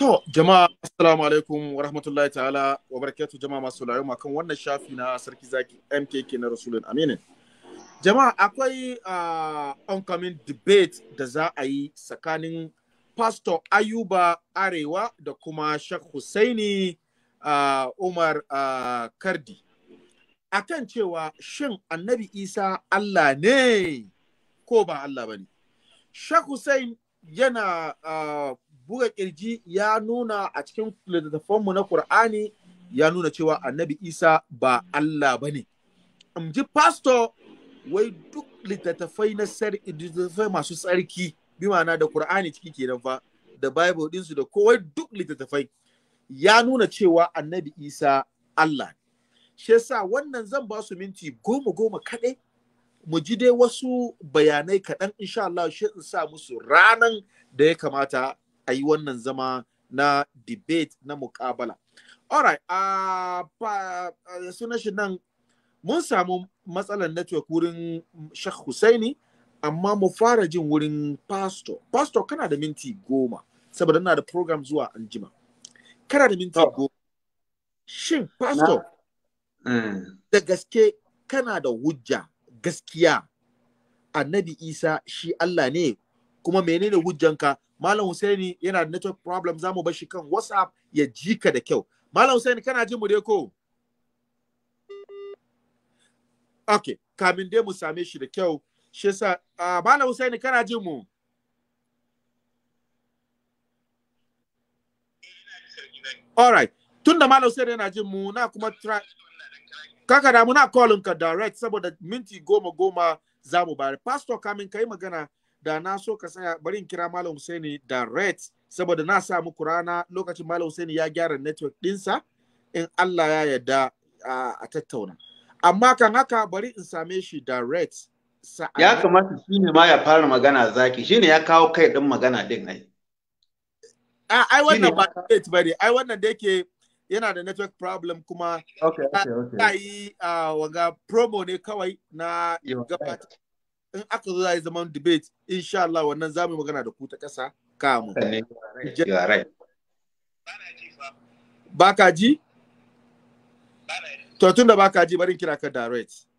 To, jama'a assalamu alaikum wa rahmatullahi ta'ala wa barakatu jama'a masu layo kan wannan shafi na sarki zaki MKK na Rasulun Aminin. Jama'a akwai uh, ah, oncoming debate da za a yi tsakanin Pastor Ayuba Arewa da kuma Sheikh Husaini uh, ah, Umar uh, Kardi. kan cewa shin annabi Isa Allah ne ko ba Allah ba ne. Sheikh Hussein yana uh, buga kirji ya nuna a cikin littattafanmu na Qur'ani ya nuna cewa Annabi Isa ba Allah bane in ji pastor wai duk littattafai na littattafai masu tsarki bi ma'ana da Qur'ani ciki kenan fa da Bible dinsu da kowai duk littattafai ya nuna cewa Annabi Isa Allah shi yasa wannan zan ba su minti goma goma kaɗai mu ji dai wasu bayanai kaɗan insha Allah shi in sa musu ranan da ya kamata a yi wannan zama na debate na mukabala. Alright, a uh, uh suna shi nan mun samu matsalar network wurin Sheikh Husaini, amma mu fara jin wurin pastor. Pastor kana da minti goma, saboda na da program zuwa anjima. Kana da minti oh. goma. Shin, pastor, mm. da gaske kana da hujja gaskiya annabi Isa shi Allah ne, kuma menene hujjanka Malam Husaini yana da network problem za mu shi kan WhatsApp ya ji ka da kyau. Malam Husaini kana jin mu dai ko? Okay, kamin dai mu same shi da kyau. Shi yasa uh, Malam Husaini kana jin mu? All right. Tunda Malam Husaini yana jin mu na kuma try Kaka da muna callin ka direct saboda minti goma goma za mu bayar. Pastor kamin ka yi magana da na so ka tsaya bari in kira Malam Husaini Red saboda na sa muku rana lokacin Malam Husaini ya gyara network ɗinsa in Allah ya yarda a tattauna. Amma kan haka bari in same shi da Red. Ya kamata shi ne ma ya fara magana zaki shi ne ya kawo kai ɗin magana ɗin ai. Ai wannan ba debate ba ne, ai wannan da yake yana da network problem kuma ta yi waga promo ne kawai na gabatar in aka zo za yi zaman debate insha Allah wannan za mu magana da ku ta ƙasa kamu. Eh, baka ji? To tun da baka ji barin kira ka direct.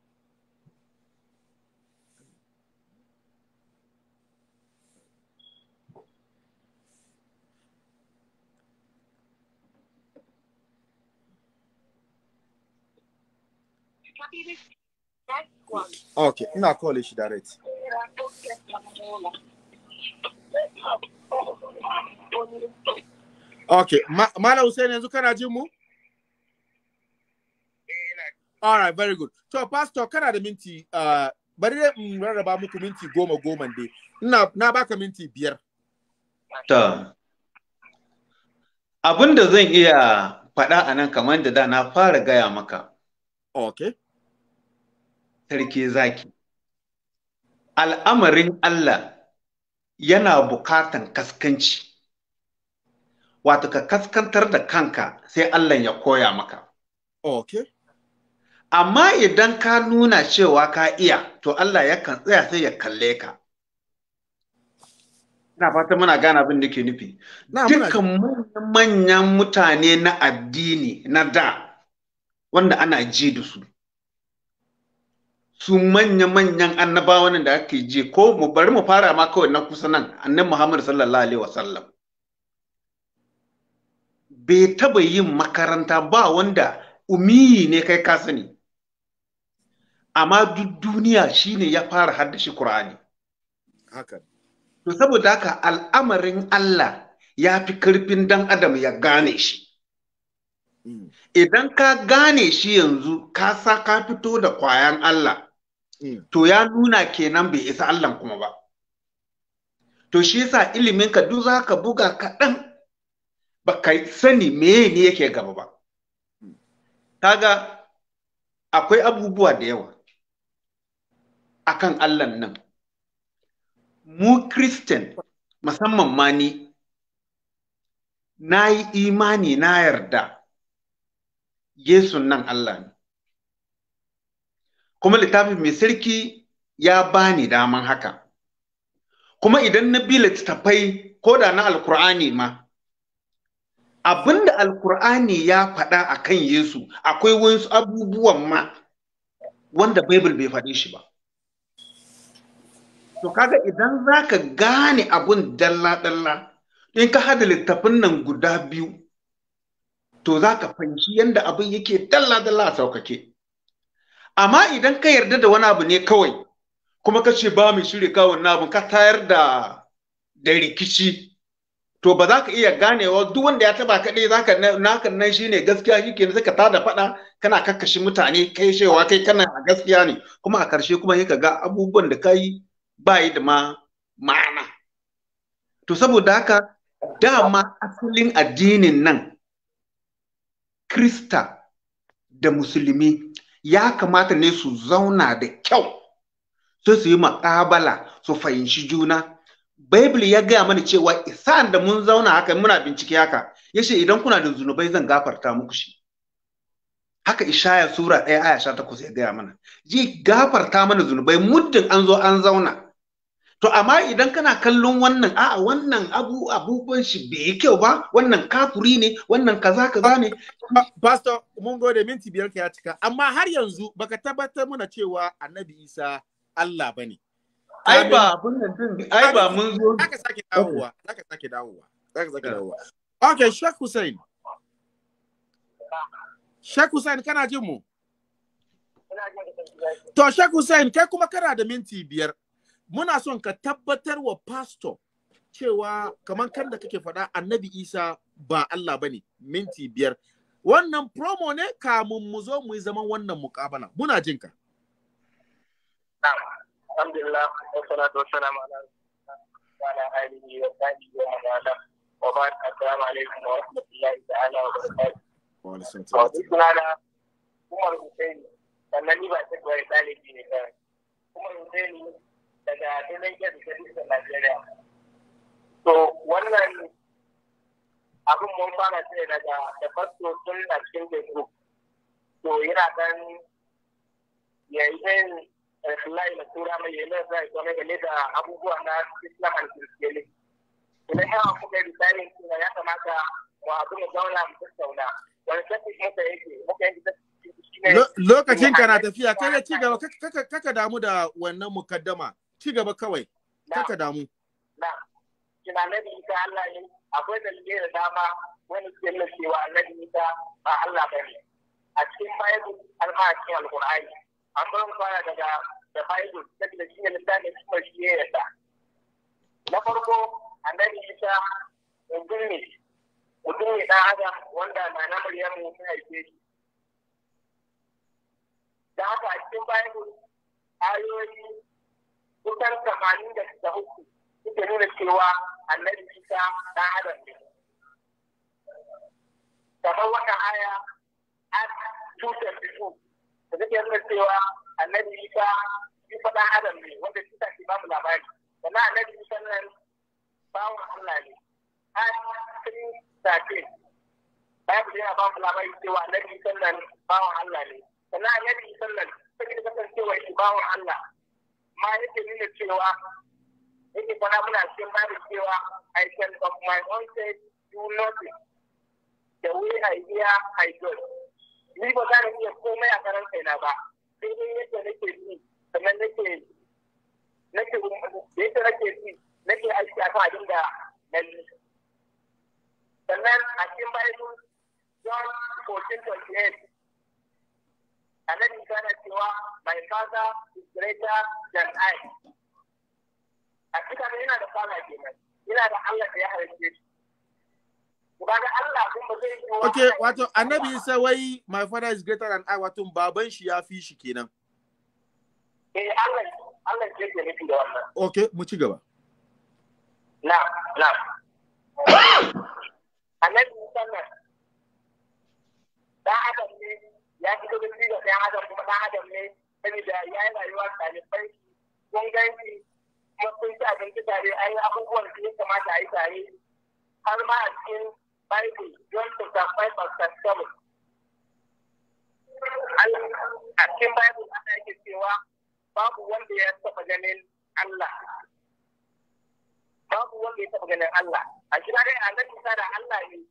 ok ina kawai you direct ok Ma mala hussein yanzu kana jin mu all right very good So, pastor kana da minti uh, bari dai in rarraba muku minti goma goma dai ina na baka minti biyar to abin da zan iya faɗa a nan kamar da da na fara gaya maka okay sarki zaki al'amarin Allah yana bukatan kaskanci wato ka kaskantar da kanka sai Allah ya koya maka okay. amma idan ka nuna cewa ka iya to Allah yakan tsaya sai ya kalle ka na fata muna gane abin da ke nufi dukkan manyan mutane na addini na da wanda ana ji da su su manya-manyan annabawan da ake je ko mu bari mu fara ma kawai na kusa nan annan Muhammadu sallallahu alaihi wasallam bai taba yin makaranta ba wanda umiyi ne kai kasani amma duk duniya shine ya fara haddashi Kur'ani. to saboda haka al'amarin Allah ya fi karfin dan adam ya gane shi hmm. idan ka gane shi yanzu ka sa ka fito da kwayan Allah to ya nuna kenan bai isa Allah kuma ba to shi yasa ilimin ka duk zaka buga kaɗan ba ka sani meye ne yake gaba ba kaga akwai abubuwa da yawa akan Allah nan mu Christian musamman ma ni na yi imani na yarda Yesu nan Allah ne kuma littafin mai sarki ya bani daman haka kuma idan na bi littafai ko da na alkur'ani ma abinda alkur'ani ya faɗa a kan yesu akwai wasu abubuwan ma wanda bible bai faɗe shi ba to kaga idan za ka gane abin dalla-dalla in ka hada littafin nan guda biyu to za ka fanci yadda abin yake dalla-dalla a saukake amma idan ka yarda da wani abu ne kawai kuma ka ce ba mai shirya kawun abu, ka tayar da da rikici to ba za ka iya ganewa duk wanda ya taba kaɗai za ka naka nan shi ne gaskiya shi ke ka tada faɗa kana kakkashi mutane kai shewa kai kana a gaskiya ne kuma a ƙarshe kuma sai ka ga abubuwan da ka yi ba yi da ma ma'ana to saboda haka dama asalin addinin nan krista da musulmi ya kamata ne su zauna da kyau sai su yi makabala su fahimci juna Bible ya gaya mana cewa isa'an da mun zauna haka muna bincike haka Ya yace idan kuna da zunubai zan gafarta muku shi haka ishaya sura ɗaya aya sha takwas ya gaya mana ji gafarta mana zunubai muddin an zo an zauna To amma idan kana kallon wannan a'a wannan abu abubuwan shi bai yi kyau ba wannan kafuri ne wannan kaza kaza ne. Pastor mun gode minti biyar ka ya cika amma har yanzu baka tabbatar mana cewa Annabi Isa Allah bane. Ai ba abun nan din ai ba mun zo. Zaka sake dawowa zaka sake dawowa zaka sake dawowa. Okay Sheikh Hussein. Sheikh Hussein kana jin mu? To Sheikh Hussein kai kuma kana da minti biyar muna son ka tabbatar wa pastor cewa kamar kan da kake faɗa annabi isa ba Allah ba ne minti biyar wannan promo ne kamun mu zo mu yi zaman wannan mukabala muna jin ka alhamdulillah sannan ni ba daga birnin da Kebbi Najeriya. To wannan abin mun fara ce daga da fasto tun a cikin Facebook. To yana kan yayin Rasulullahi na tura mai yi da zai kwanar game da abubuwa na Islam and Christianity. ina yawa kuka yi tsarin cewa ya kamata wa abu mu zauna mu tattauna. Wani sassi muka yake muka yake lokacin kana tafiya kai ya ci gaba kaka damu da wannan mukaddama ci gaba kawai kaka damu na tunanin isa Allah ne akwai dalilai da dama wani suke nuna cewa annabi isa ba Allah ba ne a cikin bible Al-Qur'ani, an bar mu fara daga da bible da shi ne littafin kuma shi ya yarda na farko annabi isa mutum ne mutum ne dan adam wanda na na maryamu ta haife shi da haka a cikin bible ayoyi kusan tamanin da hukun suke nuna cewa annabi isa na adam ne kamar wata aya an tutar fito da suke nuna cewa annabi isa shi fa ɗan adam ne wanda shi ke ba mu labari sannan annabi isa nan bawan Allah ne an tiri ba Bible yana ba mu labari cewa annabi isa nan bawan Allah ne sannan annabi isa nan sai da kasancewa shi bawan Allah ma yake nuna cewa yake kwana muna cikin babu cewa I can of my own self do nothing. The way I hear, I do. Ni ba za ni iya komai a karan kaina ba. Sai dai yadda nake ji, sannan nake nake yadda nake ji, nake aiki a kan abin da na yi. Sannan a cikin Bible, John 14:28 annabi kana cewa my father is greater than I a cikin yana da fara kenan yana da Allah da ya halice shi Okay, wato annabi isa wai my father is greater than I wato baban shi ya fi shi kenan. Eh Allah Allah ke ke nufi da wannan. Okay, mu ci gaba. Na, na. Annabi nan, ɗan adam ne ya fito da shi ga ɗan adam kuma ɗan adam ne saboda ya yi rayuwa ɗalibai kun ganci kuma kun ci abinci tare a yi abubuwan da ya kamata a yi tare har ma a cikin Bible John chapter 5 verse 7 a cikin Bible ana yake cewa babu wanda ya taɓa ganin Allah babu wanda ya taɓa ganin Allah a kira dai annabi da Allah ne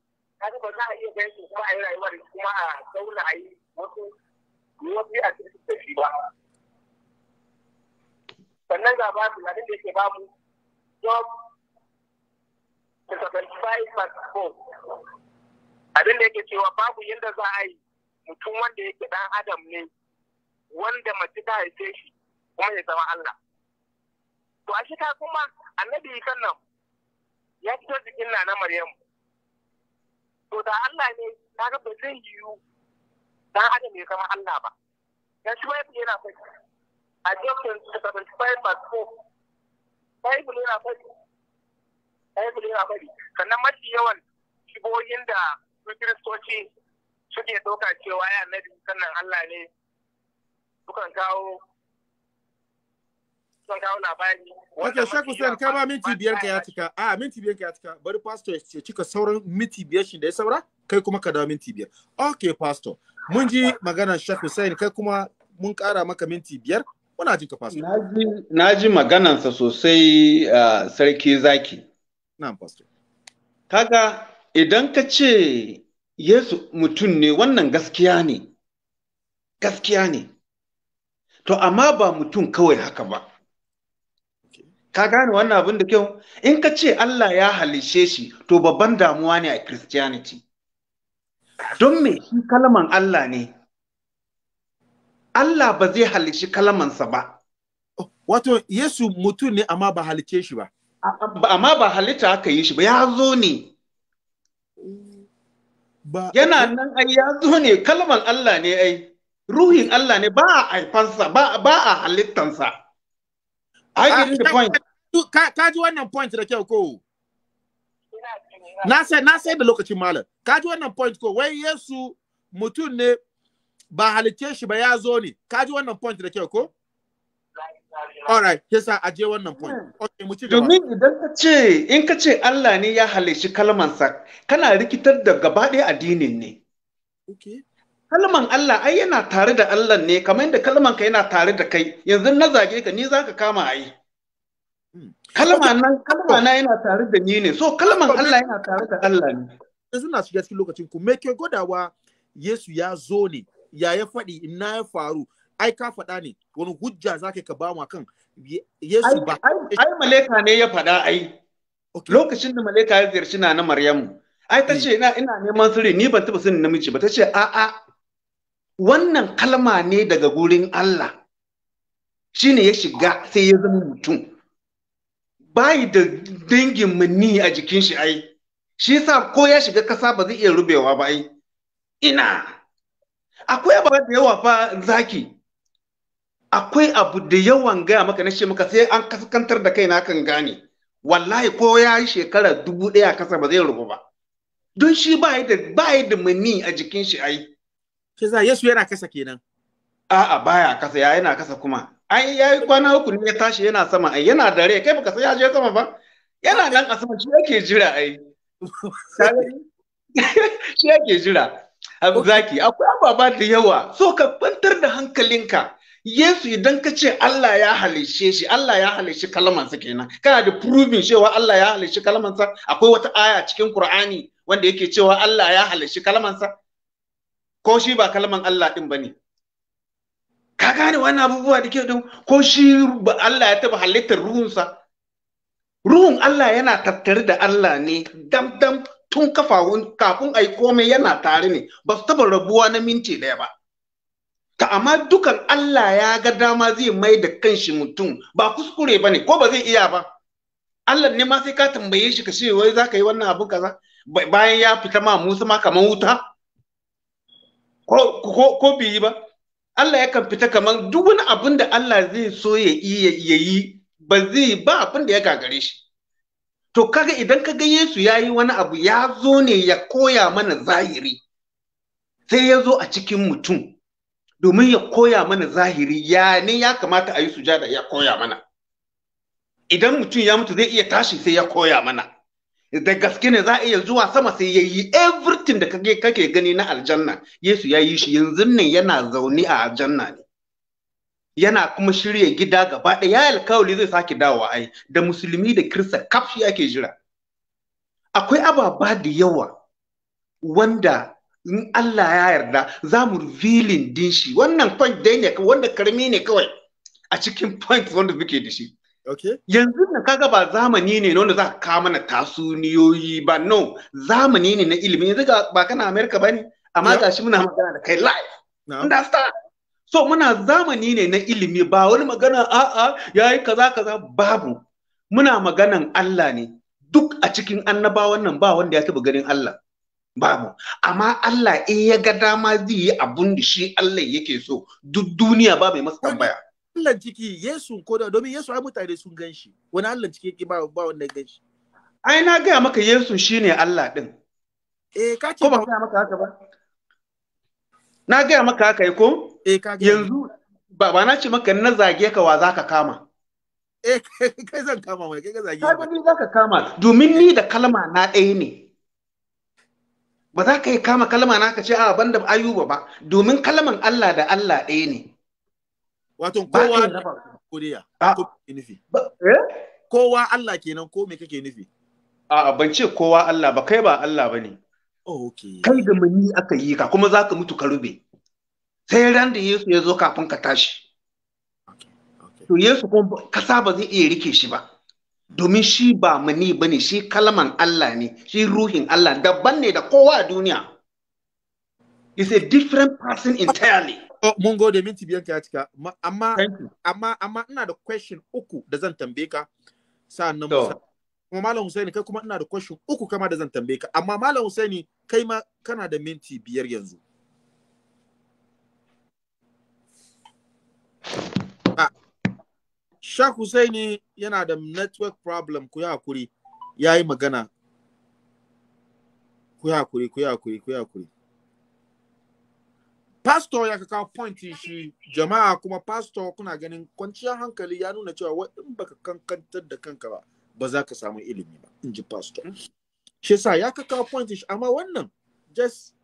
kaga ba za a iya ganin kuma a yi rayuwar kuma a zauna a yi wasu wasu a cikin da shi ba sannan ga ba su abin da yake ba mu job to seventy five passport abin da yake cewa babu yadda za a yi mutum wanda yake dan adam ne wanda mace ta haife shi kuma ya zama Allah to a shi ta kuma annabi kan nan ya fito jikin na na Maryamu to da Allah ne ga ba zai yiwu dan adam ya kama Allah ba dan shi bai yana fa a jokin 75 part 4 Bible yana fa Bible yana fa sannan mafi yawan shigoyin da su kiristoci suke doka cewa ya annabi sannan Allah ne dukan kawo son labari. Ok, Shek Hussein, ka ba minti biyar ka ya cika. A, ah, minti biyar ka ya cika. Bari pastor ya cika sauran minti biyar shi da ya saura, kai kuma ka dawo minti biyar. Ok, pastor. Mun ji maganar Shek Hussein, kai kuma mun ƙara maka minti biyar. Muna ji ka pastor. Na ji maganansa sosai ah, sarki zaki. Na'am, pastor. Kaga idan ka ce Yesu mutum ne wannan gaskiya ne. Gaskiya ne. To amma ba mutum kawai haka ba. ka gane wannan abin da kyau in ka ce Allah ya halishe shi to babban damuwa ne a christianity don me shi kalman Allah ne Allah ba zai halishi kalamansa ba wato Yesu mutum ne amma ba halice shi ba amma ba halitta aka yi shi ba ya zo ne yana nan ai ya zo ne kalman Allah ne ai ruhin Allah ne ba a haifansa ba a halittansa I ah, get the point. Ka ji wannan point da kyau ko? Na sai na sai da lokacin malam. Ka ji wannan point ko wai Yesu mutum ne ba halice shi ba ya zo ne. Ka ji wannan point da kyau ko? Alright, yasa aje wannan point. Okay, mu ci gaba. Domin idan ka ce in ka ce Allah ne ya halishi kalmansa, kana rikitar da gaba ɗaya addinin ne. Okay. kalman Allah ai yana tare da Allah ne kamar yadda kalman ka yana tare da kai yanzu na zage ka ni zaka kama ai kalma nan kalma na yana tare da ni ne so kalman Allah yana tare da Allah ne yanzu na shiga cikin lokacin ku me ke godawa Yesu ya zo ne ya ya faɗi ina ya faru ai ka faɗa ne wani hujja zaka ka ba mu kan Yesu ba ai malaika ne ya faɗa ai lokacin da malaika ya ziyarci na na Maryamu ai ta mm. ce ina ina neman sirri ni ban taba sanin namiji ba ta ce a a wannan kalma ne daga gurin Allah ne ya shiga sai ya zama mutum bayi da dangin mani a jikin shi ai shi sa ko ya shiga kasa ba zai iya rubewa ba ai ina akwai abu da yawa fa zaki akwai abu da yawan gaya maka na shi maka sai an kaskantar da kaina kan gane wallahi ko ya yi shekara dubu ɗaya kasa ba zai rubu ba don shi ba yi da mani a jikin shi ai Ke za Yesu yana kasa kenan. A'a baya kasa ya yana kasa kuma. Ai yayi kwana uku ne ya tashi yana sama ai yana dare, kai baka san ya je sama ba. Yana nan a sama shi yake jira ai. Shi yake jira. Abu zaki akwai ababa da yawa so ka kwantar da hankalinka. Yesu idan ka ce Allah ya halishe shi, Allah ya halishe sa kenan. Kana da proving cewa Allah ya halishe sa. akwai wata aya cikin Qur'ani wanda yake cewa Allah ya halishe sa. ko shi ba kalman Allah din bane ka gane wannan abubuwa da ke ko shi Allah ya taba halittar ruhunsa ruhun Allah yana tattare da Allah ne dam dam tun kafahun kafin ai komai yana tare ne ba su taba rabuwa na minti ɗaya ba ta amma dukan Allah ya ga dama zai mai da kanshi mutum ba kuskure ba ne ko ba zai iya ba Allah ne ma sai ka tambaye shi ka ce wai za ka yi wannan abu kaza bayan ya fita ma Musa ma kamar wuta ko bai yi ba Allah yakan fita kamar duk wani abin da Allah zai so ya yi ba zai ba abin da ya gagare shi to kaga idan kaga Yesu ya yi wani abu ya zo ne ya koya mana zahiri sai ya zo a cikin mutum domin ya koya mana zahiri ya ne ya kamata a yi sujada ya koya mana idan mutum ya mutu zai iya tashi sai ya koya mana da gaske ne za a iya zuwa sama sai ya yi everything da kake kake gani na aljanna Yesu ya yi shi yanzu nan yana zaune a aljanna ne yana kuma shirya gida gaba ɗaya ya alkawali zai sake dawo ai da musulmi da kirista kafshi ake jira akwai ababa da yawa wanda in Allah ya yarda za mu revealing din shi wannan point dai ne wanda karmi ne kawai a cikin point wanda muke da shi Yanzu da kaga ba zamani ne wanda za ka kawo mana tasuniyoyi ba no zamani ne na ilimi yanzu ga, ba kana Amerika ba ne amma ga shi muna magana da kai live. Understand? So muna zamani ne na ilimi ba wani magana a'a yi kaza kaza babu muna maganan Allah ne duk a cikin annabawan nan ba wanda ya taba ganin Allah. babu amma Allah in ya ga dama zai yi abun da shi Allah yake so duk duniya ba mai masa tambaya Allah ciki Yesu ko da domin Yesu ai mutane sun gan shi wani Allah ciki yake ba ba wanda gan shi ai na gaya maka Yesu shine Allah din eh ka ce ba maka haka ba na gaya maka haka yi ko eh ka yanzu ba ba na ce maka na zage ka wa zaka kama eh kai zan kama mai kai ka zage ka ni zaka kama domin ni da kalma na ɗaya ne ba za ka yi kama kalma na ka ce a banda ayuba ba domin kalman Allah da Allah ɗaya ne wato kowa ya ko nufi eh? kowa Allah kenan ko me kake nufi a'a ban ce kowa Allah ba kai ba Allah bane oh, okay kai da mani aka yi ka kuma zaka mutu ka rube sai ran da Yesu ya zo kafin ka tashi to Yesu kuma kasa ba zai iya rike shi ba domin shi ba mani bane shi kalman Allah ne shi ruhin Allah daban ne da kowa a duniya is a different person entirely Oh, mun gode minti biyan ka cika amma amma amma ina da question uku da zan tambaye ka sa'annan kuma malam Husaini kai kuma ina da question uku kama da zan tambaye ka amma malam Husaini kai ma kana da minti biyar yanzu ah. Shak Husaini yana da network problem ku yi hakuri ya yi magana ku yi hakuri ku yi hakuri ku yi hakuri pastor ya kawo point shi jama'a kuma pastor kuna ganin kwanciyar hankali ya nuna cewa in baka kankantar da kanka ba ba za ka samu ilimi ba in ji pastor shi sa ya kawo point shi amma wannan just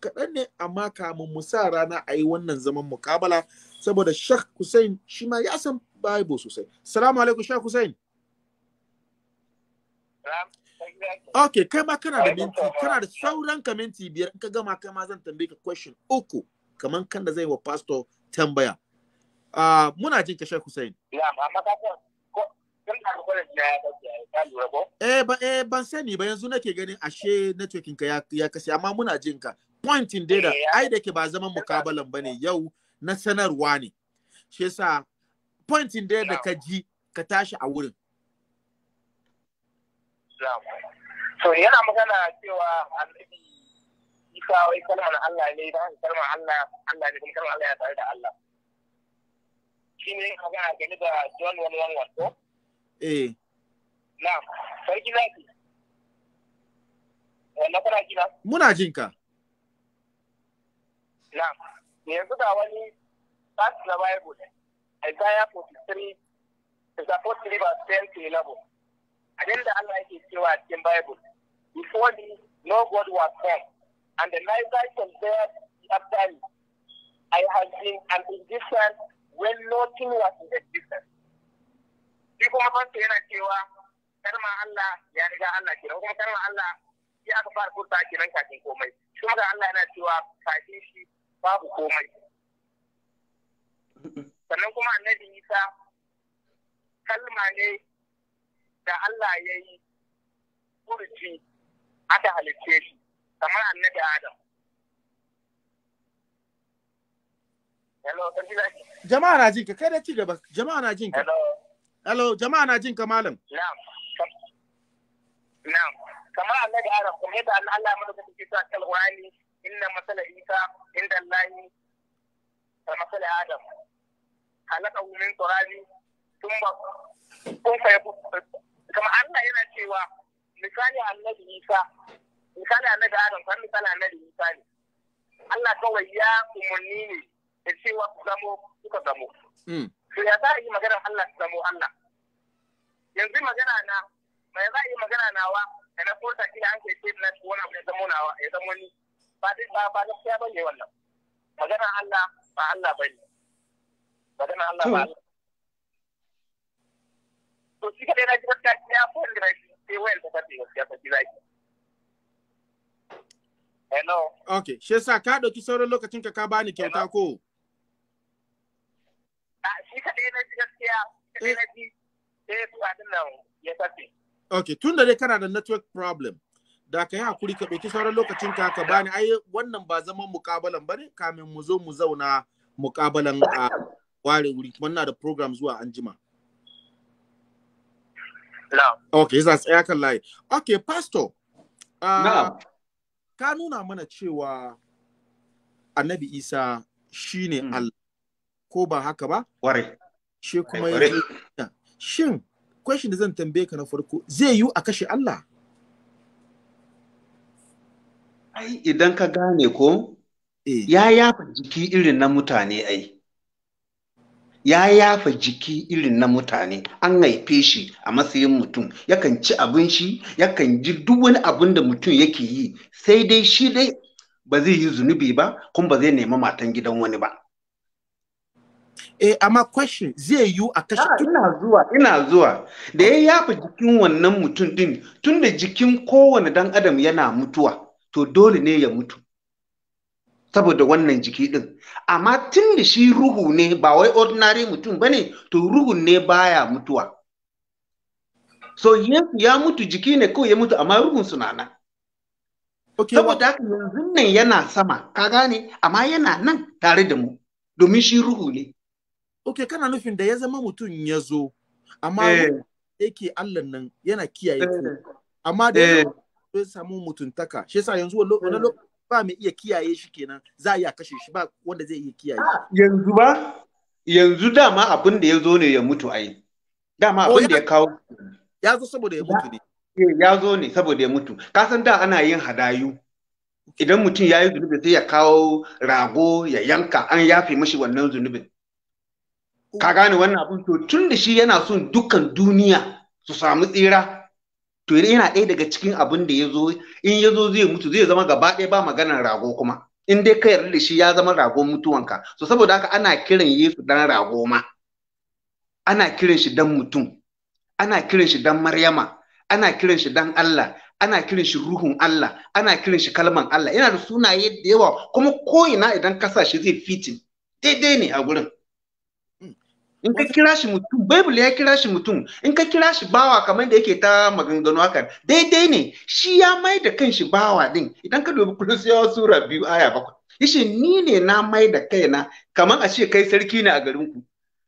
kaɗan ne amma kamun mu sa rana a yi wannan zaman mukabala saboda Shak Hussein shi ma ya san Bible sosai. Salamu alaikum Shak Hussein. Ok, kai ma kana da minti, kana da sauran ka minti biyar, in ka gama kai ma zan tambaye ka question uku kamar kan da zai wa pastor tambaya uh, muna jin kashe Sheikh Hussein Eh ba eh ban sani ba yanzu nake ganin ashe networking ka ya, ya kashe amma muna jin ka pointin dai da eh, ai da ke ba zaman mukabalan bane yau na sanarwa ne shi yasa pointin dai da ka ji ka tashi a wurin so yana magana cewa annabi cewa wai Allah ne da kalmar Allah Allah ne kuma kalmar Allah ya tare da Allah shi ne ka da John eh na sarki zaki wannan kuna kina muna jin na yanzu wani na bible Isaiah 43 is 10 to 11 abinda Allah yake cewa cikin bible before me no god was formed and the neither can bear after me. I have been an indifferent when nothing was in existence. Shi kuma fasta yana cewa karma Allah ya riga Allah kenan kuma karma Allah ya aka fara furta kenan kafin komai. Shi kuma Allah yana cewa kafin shi babu komai. Sannan kuma annabi Isa kalma ne da Allah ya yi furci aka halicce shi. kamar annabi adam jama'a na jinka kai da ci gaba jama'a na jinka hello Hello, jama'a na jinka malam na'am na'am kamar annabi adam kuma yadda Allah ya da kuke sa kalwani inna masala isa inda Allah ka masala adam halaka min turabi tun ba kun fa kamar Allah yana cewa misali annabi isa misali annabi adam kan misali annabi isa ne Allah kawai ya umarni ne da cewa ku zamo suka zamo hmm. to ya za a yi magana Allah su zamo Allah yanzu magana na mai za a yi magana nawa da na kota kila an ke ce na wani abu ya zamo nawa ya zamo ni ba ba ba gaskiya ba ne wannan magana Allah ba Allah ba ne magana Allah ba Allah to shi kadai na ji gaskiya ko da na shi sai wayan ta tafi gaskiya ta ji zaki Hello. Ok, shi yasa ka ɗauki sauran lokacin ka ka bani kyauta ko? Ah, shi kaɗai na ji gaskiya, kaɗai na ji, sai su abin nan ya tafi. Ok, tun da dai kana da network problem, da ka yi hakuri ka ɗauki sauran lokacin ka ka bani, ai wannan ba zaman mukabalan ba ne, kamin mu zo mu zauna mukabalan a ware wuri, kuma na da program zuwa anjima. No. Ok, yasa tsaya kan layi. Ok, pastor. Uh, no. ka nuna mana cewa annabi isa shi ne hmm. Allah ko ba haka ba? Ware. Shi kuma Shin, question da zan tambaye ka na farko zai yiwu a kashe Allah? Ai, idan ka gane ko, eh. ya yafa jiki irin na mutane ai. ya yafa jiki irin na mutane an haife shi a matsayin mutum yakan ci abin shi yakan ji duk wani abin da mutum yake yi sai dai shi dai ba zai yi zunubi ba kuma ba zai nemi matan gidan wani ba eh amma question zai yi a kashe ah, ina zuwa ina zuwa da ya yafa jikin wannan mutum din tunda jikin kowane dan adam yana mutuwa to dole ne ya mutu saboda wannan jiki din amma tun da shi ruhu ne ba wai ordinary mutum ba ne to ruhun ne baya mutuwa so yesu ya mutu jiki ne ko ya mutu amma ruhun suna nan saboda haka yanzu nan yana sama ka gane amma yana nan tare da mu domin shi ruhu ne ok kana nufin da ya zama mutum ya zo amma eh. yake allan nan yana kiyaye ku eh. amma da eh. ya samu mutuntaka shi yasa yanzu wani lokaci ba mai iya kiyaye shi kenan za a iya kashe shi ba wanda zai iya kiyaye yanzu ba yanzu dama abin da ya zo ne ya mutu ai dama oh, abin da ya kawo ya zo saboda ya mutu ne ya zo ne saboda ya mutu ka san da ana yin hadayu idan mutum ya yi zunubi sai ya kawo rago ya yanka an yafe mashi wannan zunubin ka gane wannan abin to tun da shi yana son dukkan duniya su samu tsira to yana ɗaya daga cikin abin da ya zo in ya zo zai mutu zai zama gaba ɗaya ba maganar rago kuma in dai ka yarda da shi ya zama rago mutuwanka so saboda haka ana kiran Yesu dan rago ma ana kiran shi dan mutum ana kiran shi dan Maryama ana kiran shi dan Allah ana kiran shi ruhun Allah ana kiran shi kalman Allah yana da sunaye da yawa kuma ko ina idan ka sa shi zai fitin daidai ne a gurin in ka kira shi mutum bible ya kira shi mutum in ka kira shi bawa kamar da yake ta maganganu haka daidai ne shi ya mai da kan shi bawa din idan ka dubi kulusiyawa sura biyu aya bakwai ni ne na mai da kaina kamar a ce kai sarki ne a garin ku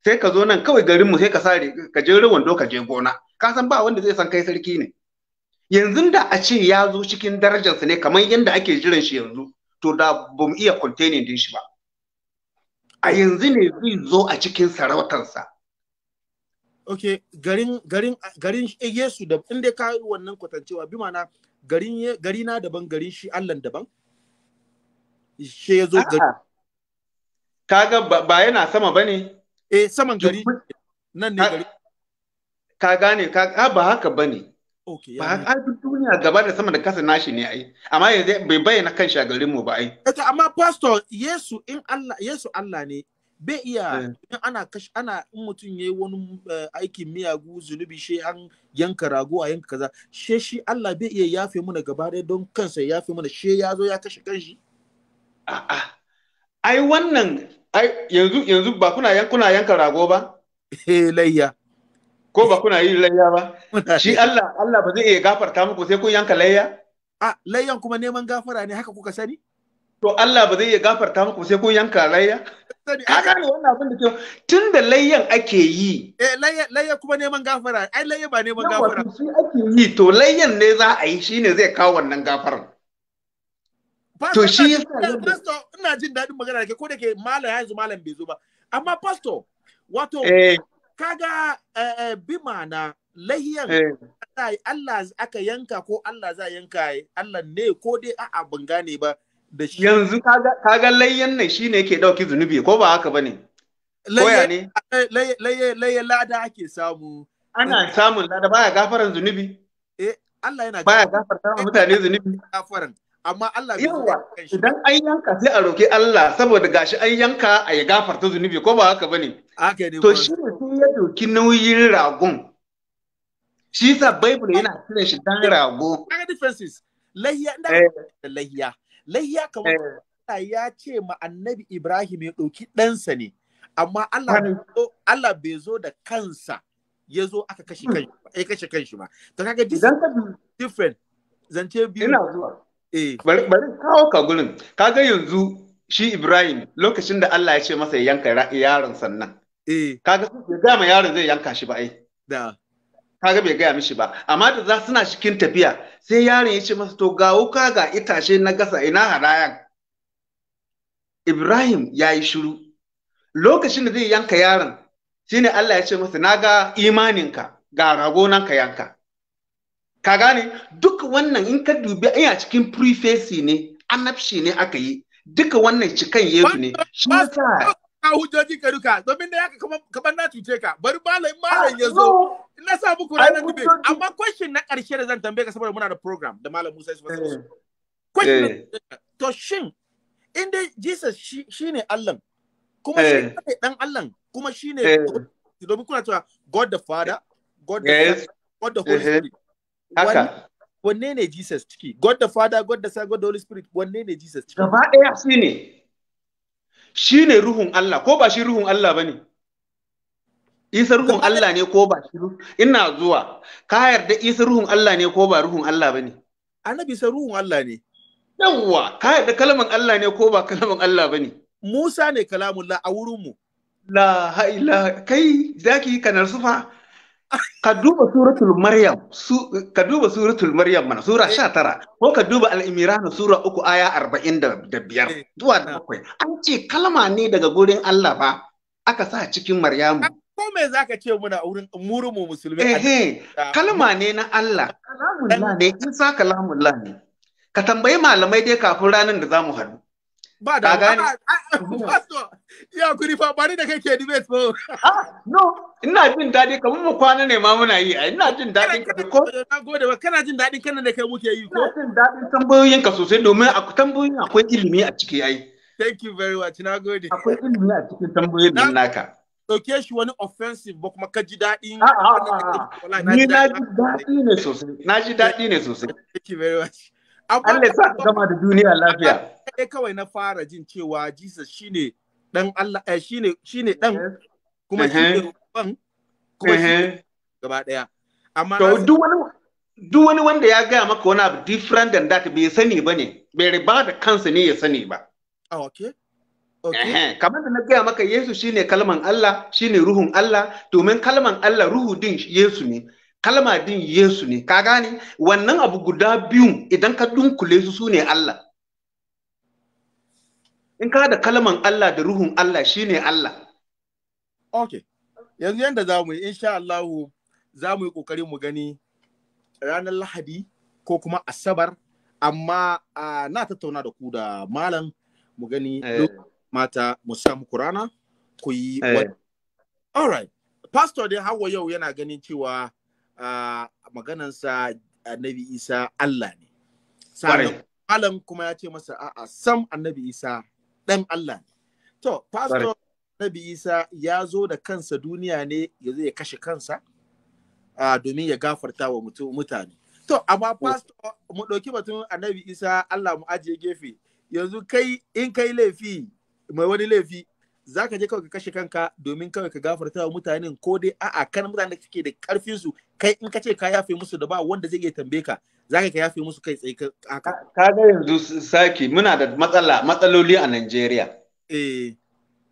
sai ka zo nan kawai garin mu sai ka sare ka je wando ka je gona ka san ba wanda zai san kai sarki ne yanzu da a ce ya zo cikin darajarsa ne kamar yanda ake jiran shi yanzu to da bamu iya containing din shi ba a yanzu ne zai zo a cikin sarautarsa. Ok, garin garin garin Yesu da inda ka yi wannan kwatancewa bi mana garin gari na daban garin shi Allah daban. She ya zo gari. Kaga ba yana sama ba ne? Eh saman gari nan ne gari. Ka gane ka ba haka ba ne. ba a ai duniya gaba da sama da kasa nashi ne ai amma yanzu bai bayyana kan shagarin mu ba ai eto amma pastor Yesu in Allah Yesu Allah ne bai iya eh. in ana kash ana in mutum yayi wani eh, aikin miyagu zunubi shi an yanka rago a yanka kaza she shi Allah bai iya yafe mana gaba ɗaya don kansa yafe mana she ya zo ya kashe kanshi a'a ai wannan ai yanzu yanzu ba kuna yanka rago ba eh layya ko ba kuna yi layya ba shi Allah Allah ba zai iya gafarta muku sai kun yanka layya a layyan kuma neman gafara ne haka kuka sani to Allah ba zai iya gafarta muku sai kun yanka layya ka gane wannan abin da ke tun da layyan ake yi eh layya kuma neman gafara ai layya ba neman gafara shi ake yi to layyan ne za a yi shine zai kawo wannan gafaran to shi pastor ina jin daɗin magana da ke ko da ke malam yanzu malam bai zo ba amma pastor wato eh. kaga eh, eh, bi ma'ana lahiyan eh. Allah aka yanka ko Allah za yanka Allah ne ko dai a'a ban gane ba da shi yanzu kaga layyan shi shine yake dauki zunubi ko ba haka bane koya ne laye lada ake samu ana samun lada baya gafaran zunubi eh Allah yana baya gafarta mutane zunubi gafaran amma Allah yawa idan an yanka sai a roki Allah saboda gashi an yanka a ya gafarta zunubi ko ba haka bane haka ne to shi ne ya doki nauyin ragon shi sa bible yana kiran shi dan rago kaga differences lahiya eh. da lahiya lahiya kamar eh. Allah ya ce ma annabi Ibrahim ya ɗauki ɗansa ne, amma Allah bai zo da kansa ya zo aka kashe hmm. kanshi ba. to kaga different zance biyu. Ina zuwa. Eh. bari kawo ka gurin kaga yanzu shi Ibrahim lokacin da Allah ya ce masa ya yanka yaron sannan eh. kaga bai gaya ma yaron zai yanka shi ba ai kaga bai gaya mishi ba amma da za suna cikin tafiya sai yaron ya ce masa to ga wuka ga itace na gasa ina harayan Ibrahim ya yi shiru lokacin da zai yanka yaron shine Allah ya ce masa na ga imaninka ga ragonanka yanka ka gane duk wannan in ka dubi ina cikin preface ne annabci ne aka yi duka wannan cikan yesu ne shi yasa ka hujjoji ka duka domin da yaka kamar na cuce ka bari malam malam ya zo na sa muku ranar dube amma question na karshe da zan tambaye ka saboda muna da program da malam Musa Yusuf eh. question eh. to shin in dai Jesus shine Allah eh. kuma shi ne dan Allah kuma shine domin kuna cewa God the Father God the Father, God the Holy Spirit haka wanne ne Jesus ciki God the Father God the Son God the Holy Spirit wanne ne Jesus ciki gaba ɗaya shine shine ruhun Allah ko ba shi ruhun Allah bane Isa ruhun Allah ne ko ba shi ina zuwa ka yarda Isa ruhun Allah ne ko ba ruhun Allah bane Annabi sa ruhun Allah ne yawwa ka yarda kalaman Allah ne ko ba kalaman Allah bane Musa ne kalamullah a wurin mu la ilaha kai zaki kanar sufa ka duba suratul maryam su ka duba suratul maryam mana sura 19 ko ka duba al-imran sura 3 aya 45 zuwa 7 an ce kalma ne daga gurin Allah ba aka sa cikin maryam ko me zaka ce muna wurin mu musulmi eh kalma ne na Allah kalamullah ne in sa kalamullah ne ka tambayi malamai dai kafin ranar da zamu haɗu ba da gane ya kuri fa bari da kake debate ba no ina jin daɗi ka mu kwana ne ma muna yi ina jin daɗin ka ko na gode ba kana jin daɗin kana da kai muke yi ko ina jin daɗin tambayoyin ka sosai domin a tambayoyin akwai ilimi a ciki ai thank you very much na gode akwai ilimi a cikin tambayoyin nan naka dauke shi wani offensive ba kuma ka ji daɗin ni na ji daɗi ne sosai na ji daɗi ne sosai thank you very much Allah sa ka gama da duniya lafiya eh kawai na fara jin cewa Jesus shine dan Allah eh shine shine dan kuma shine uh-huh. ban kuma gaba daya amma to duk wani duk wani wanda ya gaya maka wani abu different than that bai sani ba ne bai riba da kansa ne ya sani ba Oh, okay Okay. kamar da na gaya maka Yesu shine kalman Allah shine ruhun Allah domin kalman Allah ruhu din Yesu ne kalma din Yesu ne ka gane wannan abu guda biyu idan ka dunkule su sune Allah in ka da kalman Allah da ruhun Allah shine Allah okay yanzu yanda za mu yi insha Allahu za mu yi ƙoƙari mu gani ranar Lahadi ko kuma Asabar amma na tattauna da ku da malam mu gani eh. mata mu samu kurana ku yi eh. all right pastor dai hawa yau yana ganin cewa uh, maganansa annabi isa Allah ne sannan malam kuma ya ce masa a'a sam annabi isa ɗan Allah ne to pastor Nabi Isa ya zo da kansa duniya ne ya zai kashe kansa domin ya gafarta wa mutane. To, amma mm. pastor mu ɗauki batun annabi Isa Allah mu ajiye gefe. Yanzu kai in kai laifi mai wani laifi za ka je kawai ka kashe kanka domin kawai ka gafarta wa mutanen ko dai a'a kan mutanen da suke da karfin kai in ka ce ka yafe musu da ba wanda zai iya tambaye ka za ka yafe musu kai tsaye ka ga yanzu saki muna da matsala matsaloli a Najeriya. Eh.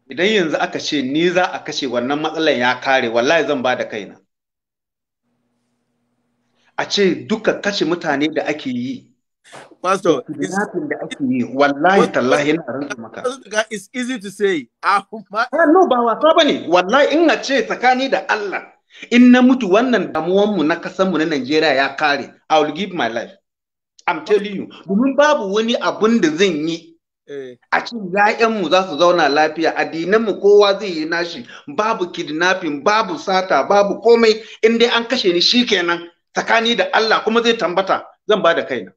idan yanzu aka ce ni za a kashe wannan matsalan ya kare wallahi zan ba da kaina a ce duka kashe mutane da ake yi Pastor, it's, wallahi tallahi ina rantsa maka. It's easy to say. Ah, ah, no, ba wasa bane. Wallahi in na ce tsakani da Allah, in na mutu wannan damuwan mu na kasan mu na Najeriya ya kare. I will give my life. I'm telling you. Domin babu wani abun da zan yi Eh. a cikin ‘ya'yanmu za su zauna lafiya addinanmu kowa zai yi nashi babu kidnapping babu sata babu komai in dai an kashe ni shi kenan tsakani da Allah kuma zai tambata zan ba da kaina.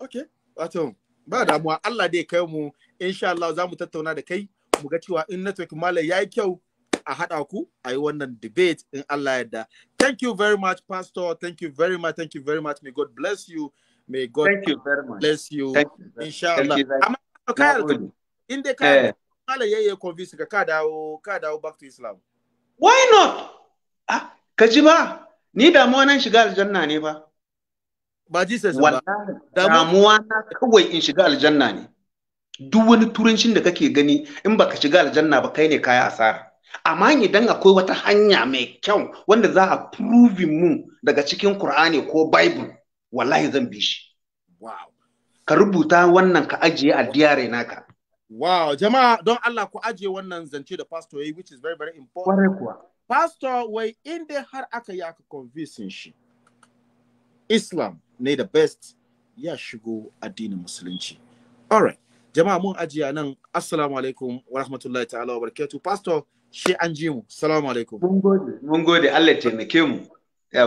Ok, wato ba damuwa Allah dai kai mu insha Allah za mu tattauna da kai mu ga cewa in network malam ya yi kyau a haɗa ku a yi wannan debate in Allah yadda. Thank you very much, Pastor. Thank you very much. Thank you very much. May God bless you. May God Thank you very much. bless you. Thank you. Inshallah. Thank you yarda in dai ka Allah yayye convince ka ka dawo ka dawo back to Islam. Why not? Ah, ka ji ba ni damuwa nan shiga aljanna ne ba. Ba Jesus ba. Damuwa na kawai in shiga aljanna ne. Duk wani turancin da kake gani in baka shiga aljanna ba kai ne kaya asara. amma idan akwai wata hanya mai kyau wanda za a prove mu daga cikin Kur'ani ko Bible wallahi zan bi shi wow ka rubuta wannan ka ajiye a diyare naka wow jama'a don Allah ku ajiye wannan zance da pastor yayi which is very very important kware kuwa pastor wai in dai har aka yi aka convincing shi Islam ne the best ya shigo addinin musulunci all right jama'a mun ajiya nan assalamu alaikum wa rahmatullahi ta'ala wa barakatuh pastor shi an ji mu assalamu alaikum mun gode mun gode Allah taimake mu